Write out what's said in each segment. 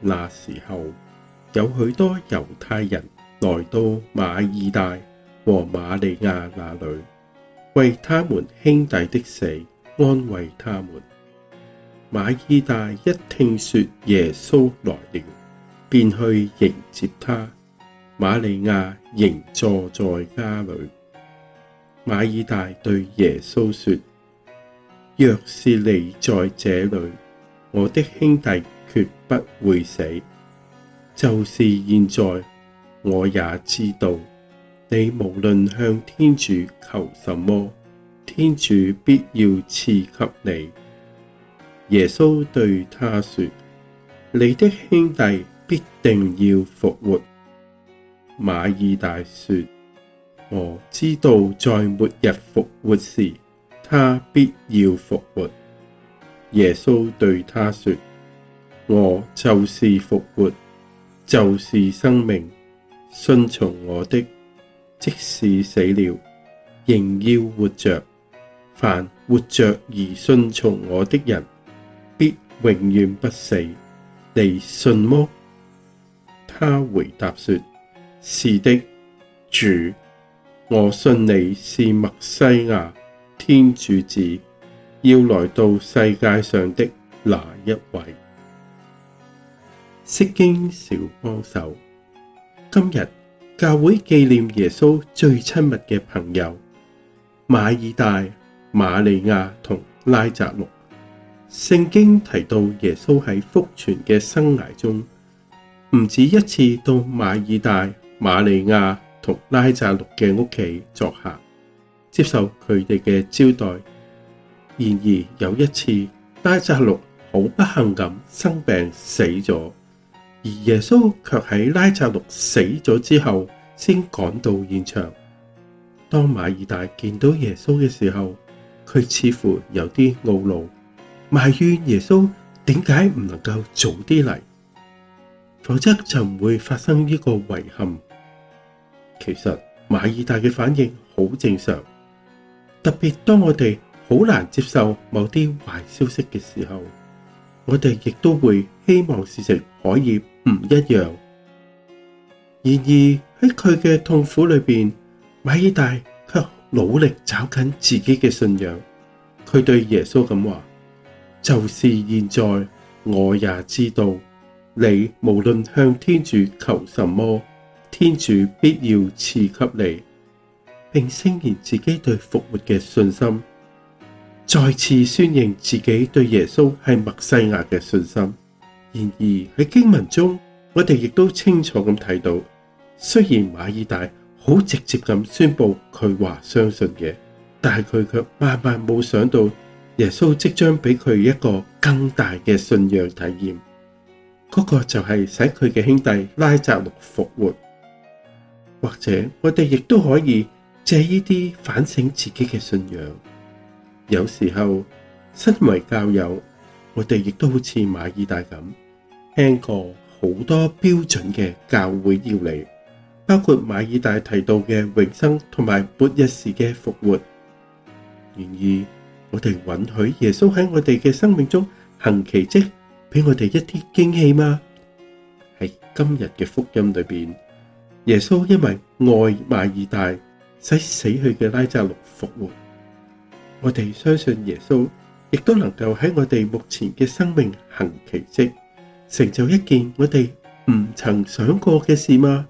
那時候，有許多猶太人來到馬爾大和馬利亞那裏，為他們兄弟的死安慰他們。馬爾大一聽說耶穌來了，便去迎接他。馬利亞仍坐在家裏。馬爾大對耶穌說：若是你在這裏，我的兄弟。決不會死。就是現在，我也知道，你無論向天主求什麼，天主必要賜給你。耶穌對他說：你的兄弟必定要復活。馬爾大說：我知道，在末日復活時，他必要復活。耶穌對他說。我就是復活，就是生命。信從我的，即使死了，仍要活着。凡活着而信從我的人，必永遠不死。你信麼？他回答說：是的，主，我信你是默西亞，天主子，要來到世界上的那一位。釋經小幫手，今日教會紀念耶穌最親密嘅朋友瑪爾大、瑪利亞同拉匝祿。聖經提到耶穌喺福傳嘅生涯中，唔止一次到瑪爾大、瑪利亞同拉匝祿嘅屋企作客，接受佢哋嘅招待。然而有一次，拉匝祿好不幸咁生病死咗。而耶穌卻喺拉匝祿死咗之後先趕到現場。當馬爾大見到耶穌嘅時候，佢似乎有啲懊惱，埋怨耶穌點解唔能夠早啲嚟，否則就唔會發生呢個遺憾。其實馬爾大嘅反應好正常，特別當我哋好難接受某啲壞消息嘅時候，我哋亦都會希望事情可以唔一樣。然而喺佢嘅痛苦裏面，馬爾大卻努力抓緊自己嘅信仰。佢對耶穌咁話：就是現在，我也知道，你無論向天主求什麼，天主必要賜給你，並聲言自己對復活嘅信心，再次宣認自己對耶穌係默西亞嘅信心。然而喺經文中，我哋亦都清楚咁睇到，雖然馬爾大好直接咁宣布佢話相信嘅，但係佢卻萬萬冇想到耶穌即將俾佢一個更大嘅信仰體驗，嗰個就係使佢嘅兄弟拉扎祿復活。或者我哋亦都可以借呢啲反省自己嘅信仰，有時候身為教友。我哋亦都好似馬爾大咁，聽過好多標準嘅教會要理，包括馬爾大提到嘅永生同埋末日時嘅復活。然而，我哋允許耶穌喺我哋嘅生命中行奇蹟，俾我哋一啲驚喜嗎？喺今日嘅福音裏邊，耶穌因為愛馬爾大，使死去嘅拉匝祿復活。我哋相信耶穌。亦都能夠喺我哋目前嘅生命行奇蹟，成就一件我哋唔曾想過嘅事嗎？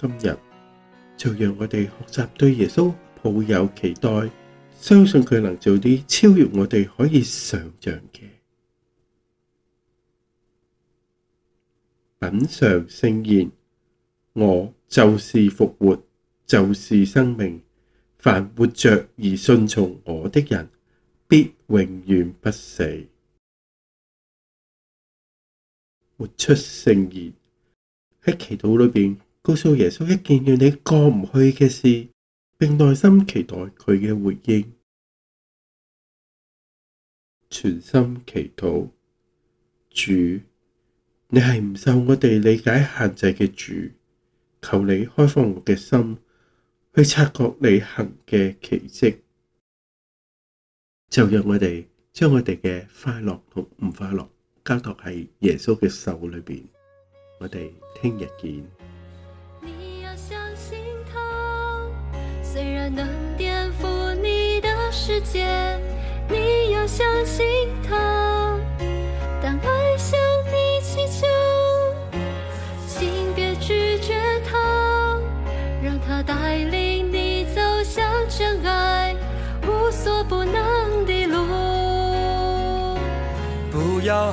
今日就讓我哋學習對耶穌抱有期待，相信佢能做啲超越我哋可以想象嘅。品嘗聖言，我就是復活，就是生命。凡活着而信從我的人。必永遠不死。活出聖言，喺祈禱裏邊，告訴耶穌一件讓你過唔去嘅事，並耐心期待佢嘅回應。全心祈禱，主，你係唔受我哋理解限制嘅主，求你開放我嘅心，去察覺你行嘅奇跡。就讓我哋將我哋嘅快樂同唔快樂交託喺耶穌嘅手裏邊。我哋聽日見。你要相信佢，雖然能顛覆你嘅世界，你要相信佢。